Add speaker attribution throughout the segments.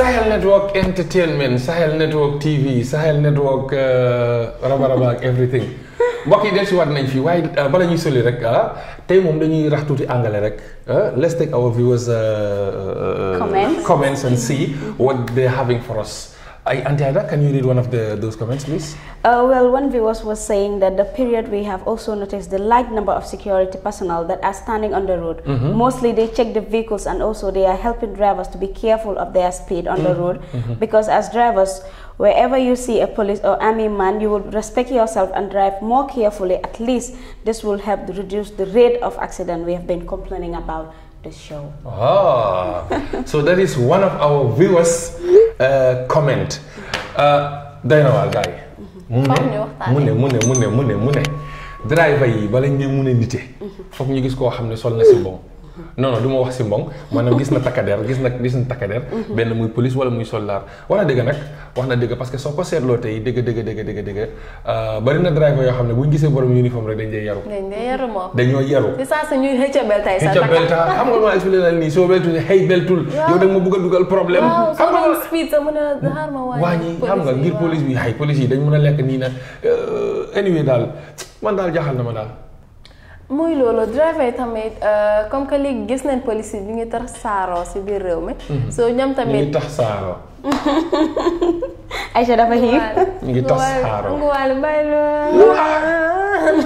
Speaker 1: Sahel Network Entertainment Sahel Network TV Sahel Network euh, raba raba ak everything mbokk yi dellusiwaat nañ fi waaye euh, bala ñuy soli rek ah tey moom dañuy rax tuuti anglais rek ah, let's take our viewers euh, comments and see what they're having for us. I, Antiada, can you read one of the, those comments, please?
Speaker 2: Uh, well, one viewer was saying that the period we have also noticed the large number of security personnel that are standing on the road. Mm -hmm. Mostly they check the vehicles and also they are helping drivers to be careful of their speed on mm -hmm. the mm-hmm. road mm -hmm. because as drivers, wherever you see a police or army man, you will respect yourself and drive more carefully. At least this will help reduce the rate of accident we have been complaining about the show.
Speaker 1: Ah, so that is one of our viewers Eh, comment eh, day na waar gars yi. mu ne mu ne mu ne mu ne mu ne driver yi bala ñu mun a nite. Mhm. foog ñu gis koo xam ne sol na si bon. non non ma wax si mbong maanaam gis na takkader gis na gis na takkader benn muy police wala muy soldat wala dëgg nag wax na dëgg parce que soo ko seetloo tey dëgg dëgg dëgg dëgg dëgg euh, bari na driver yoo xam ne bu ñu gisee borom uniforme rek dañ dee yaru dañoo yaru
Speaker 3: xëcca belta xam nga
Speaker 1: ma expliqué la nii soo beltul xëy beltul yow a nga ma bëgg a dugal problème xam nga
Speaker 3: wàññi xam nga ngir police bi xay
Speaker 1: police yi dañ mën a lekk nii na euh, anyway daal man daal jaaxal na ma daal
Speaker 3: muy loolu driver tamit euh, comme que léegi gis nañ police bi ngi tax saaroo si biir réew mi. Mhm. soo ñoom tamit ñu ngi
Speaker 1: tax saaroo.
Speaker 3: Aïcha dafa xiif.
Speaker 1: ñu ngi tax saaroo
Speaker 3: Ngouwal Ngouwal bàyyi loolu.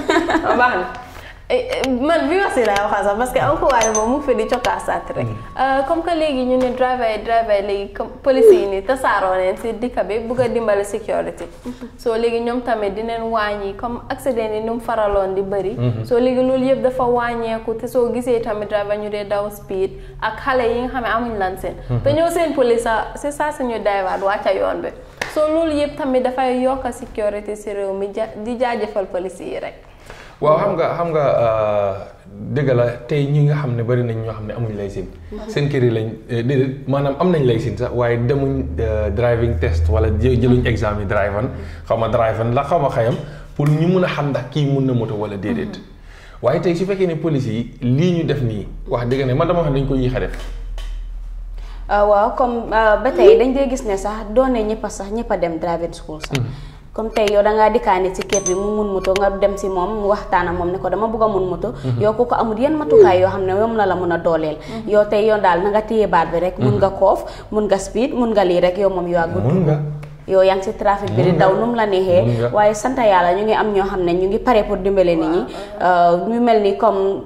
Speaker 3: baax na. Eh, eh, man vivace laa waxaa sax parce que encore waaye moom mu ngi fi di cokaasaat rek. Mm. Euh, comme que léegi ñu ne driver yi driver yi léegi comme police yi nii tasaaroo neen si dikka bi bugg a dimbali sécurité. Mm-hmm. soo léegi ñoom tamit dinañ wàññi comme accident yi ni mu faraloon di bëri. Mm-hmm. soo léegi loolu yëpp dafa wàññeeku te soo gisee tamit driver ñu dee daw speed ak xale yi nga xam ne amuñ lan mm-hmm. te ñëw seen police c'est ça suñu driver wàcca yoon bi soo loolu yëpp tamit dafay yokk sécurité si réew mi di jaajëfal police yi rek. waaw xam
Speaker 1: nga xam nga euh, dëgg la tey ñi nga xam ne bari nañ ñoo xam ne amuñ laysin seen kër yi lañ euh, déedéet maanaam am nañ laysin sax waaye demuñ euh, driving test wala jëluñ mm-hmm. examen yi drivan xaw ma drivan la xaw ma xayam pour ñu mun a xam ndax kii mun na moto wala déedéet mm-hmm. waaye tey su fekkee ne police yi lii ñu def nii wax dëgg ne man dama xam ne dañ ko yéex a def
Speaker 2: ah, waaw comme ah, ba tey dañ dee gis ne sax doone ñëpp a sax ñëpp a dem driving school sax mm-hmm. comme tey yow da ngaa dikkaane ci kër bi mu mun moto nga dem si moom mu waxtaan moom ne ko dama bëgg a mun moto mhm. yow ku ko amul yenn matukaay yoo xam ne mun a mhm. nga bi rek mun mhm. lii rek yow moom yow ak gudd yow yaa si trafic bi di daw nu mu la neexee waaye sant yàlla ñu ngi am ñoo xam ne ñu ngi pare pour dimbale nit euh, ñu mel ni comme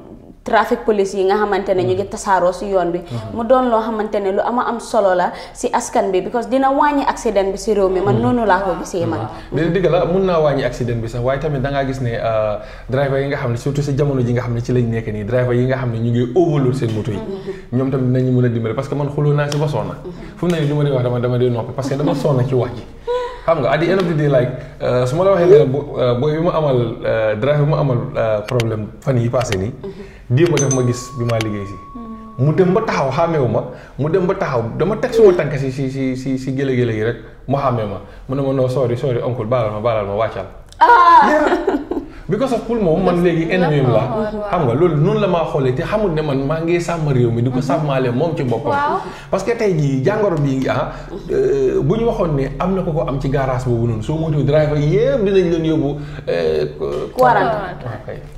Speaker 2: traffic police yi nga xamante ne ñu ngi mm-hmm. tasaaroo si yoon bi mm-hmm. mu doon loo xamante ne lu ama am solo la si askan bi because dina wàññi accident bi si réew mi man mm-hmm. noonu laa ko gisee man
Speaker 1: mais dëgg la mun naa wàññi accident bi sax waaye tamit dangaa gis ne euh, driver yi nga xam ne surtout si jamono ji nga xam ne ci lañ nekk nii driver yi nga xam ne a dimbali parce que man xuloo que dama xam nga at the end euh, su ma la waxee ne euh, booy bi ma amal driver bi ma amal problème fan yi passé nii démb daf ma gis bi maa liggéey si. Hmm. mu dem ba taxaw xàmmeewu ma mu dem ba taxaw dama teg suma tànk si si si si si gële gële gi rek mu xàmmee ma mu ne ma non sorry sorry oncle baalal ma baalal ma wàccal.
Speaker 2: Ah!
Speaker 1: because of pour moom man léegi ennemi la xam nga loolu noonu la maa xoolee te xamul ne man maa ngi sàmm réew mi di ko mhm. sàmmaale moom ci boppam parce que tey jii jàngoro bi ah euh, bu ñu waxoon ne am na ko ko am ci garage boobu noonu soo moytuwul driver yëpp dinañ leen yóbbu euh,
Speaker 3: quarante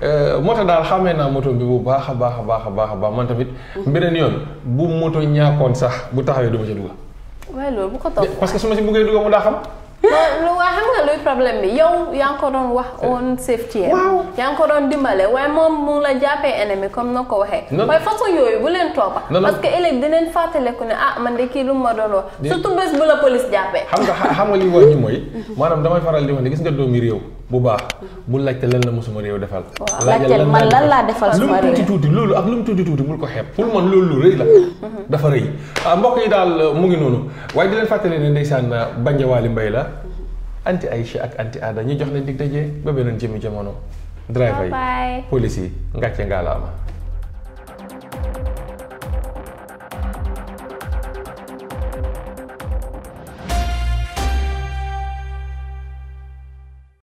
Speaker 1: Euh, moo tax daal xamee naa moto bi bu baax a baax a baax a baax a baax man tamit. beneen yoon bu moto ñaakoon sax bu taxawee du ma ci
Speaker 3: waaye loolu bu ko topp parce que
Speaker 1: su ma ci buggee dugg mu daa xam.
Speaker 3: la luy problème bi yow yaa ngi ko doon wax on safety waaw yaa ngi ko doon dimbale waaye moom mu ngi jàppee ennemi comme na ko waxee waaye façon yooyu bu leen toppa parce que ëllëg dineen ku ne ah man de kii lu ma doon wax surtout bés bu la police jàppee xam nga
Speaker 1: xam nga li wax ji mooy maanaam damay faral di wax ne gis nga doomi réew bu baax bu laajte lan la mosuma réew defal laajte man lan laa defal lu mu tuuti tuuti loolu ak lu mu tuuti tuuti bul ko xeeb pour man loolu mm-hmm. ah, mbokk yi daal mu ngi noonu waaye di leen fàttale ne ndeysaan Bandiawaly Mbaye la anti Aïcha ak anti Aada ñu jox leen dig daje ba beneen jëmi jamono. driver yi police yi ngàcce ngaalaama